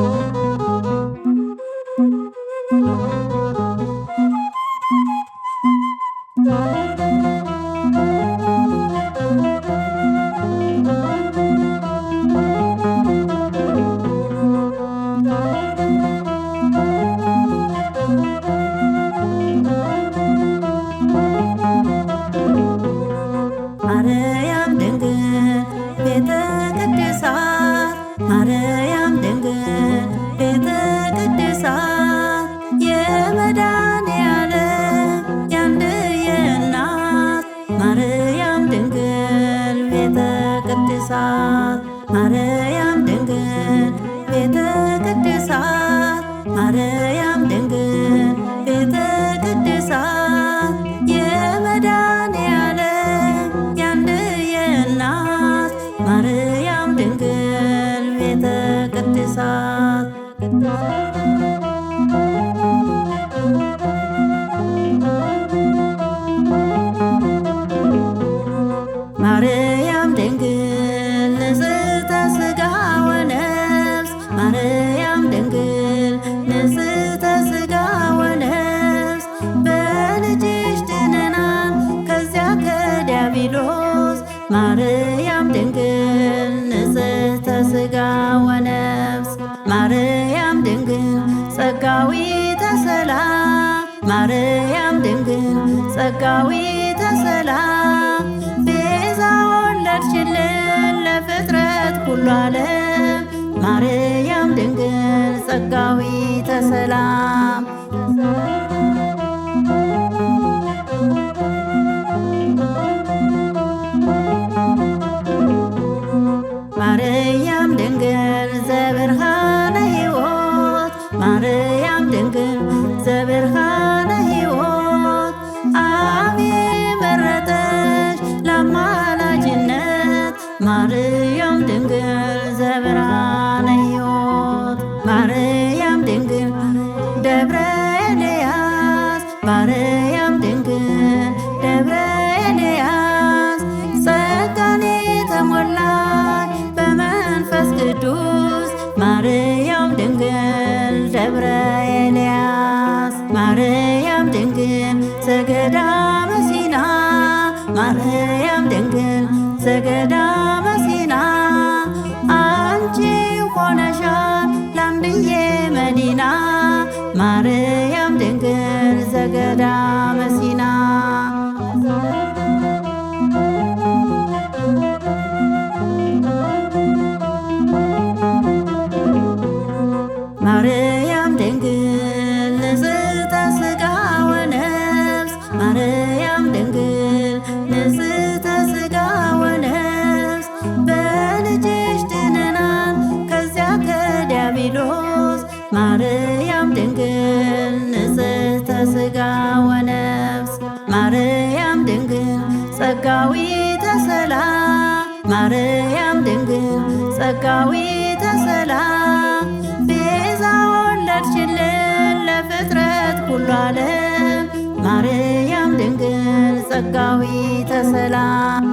Oh. ቅድሳት ማርያም ድንግል ቤተ ቅድሳት ማርያም ድንግል ቤተ ቅድሳት የመድኃኔዓለም የአንድየ እናት ማርያም ድንግል ቤተ ቅድሳት ንጽሕተ ሥጋ ወነፍስ በልጅሽ ድነናል ከዚያ ከዲያብሎስ ማርያም ድንግል ንጽሕተ ሥጋ ወነፍስ ማርያም ድንግል ጸጋዊተ ሰላም ማርያም ድንግል ጸጋዊተ ሰላም ቤዛ ወለድሽልን ለፍጥረት ኩሉ ዓለም ጸጋዊተ ሰላም ማርያም ድንግል ዘብርሃነ ሕይወት ማርያም ድንግል ዘብርሃነ ሕይወት አብ መረጠች ለአማላጅነት ማርያም ድንግል ዘብርሃነ ማርያም ድንግል ደብረ ኤልያስ ማርያም ድንግል ዘገዳመ ሲና ማርያም ድንግል ዘገዳመ ሲና አንቺ ሆነሻል ላምድዬ መዲና ማርያም ድንግል ዘገዳመ ሲና ማርያም ድንግል ጸጋዊተ ሰላም ቤዛ ወለድሽልን ለፍጥረት ሁሉ ዓለም ማርያም ድንግል ጸጋዊተ ሰላም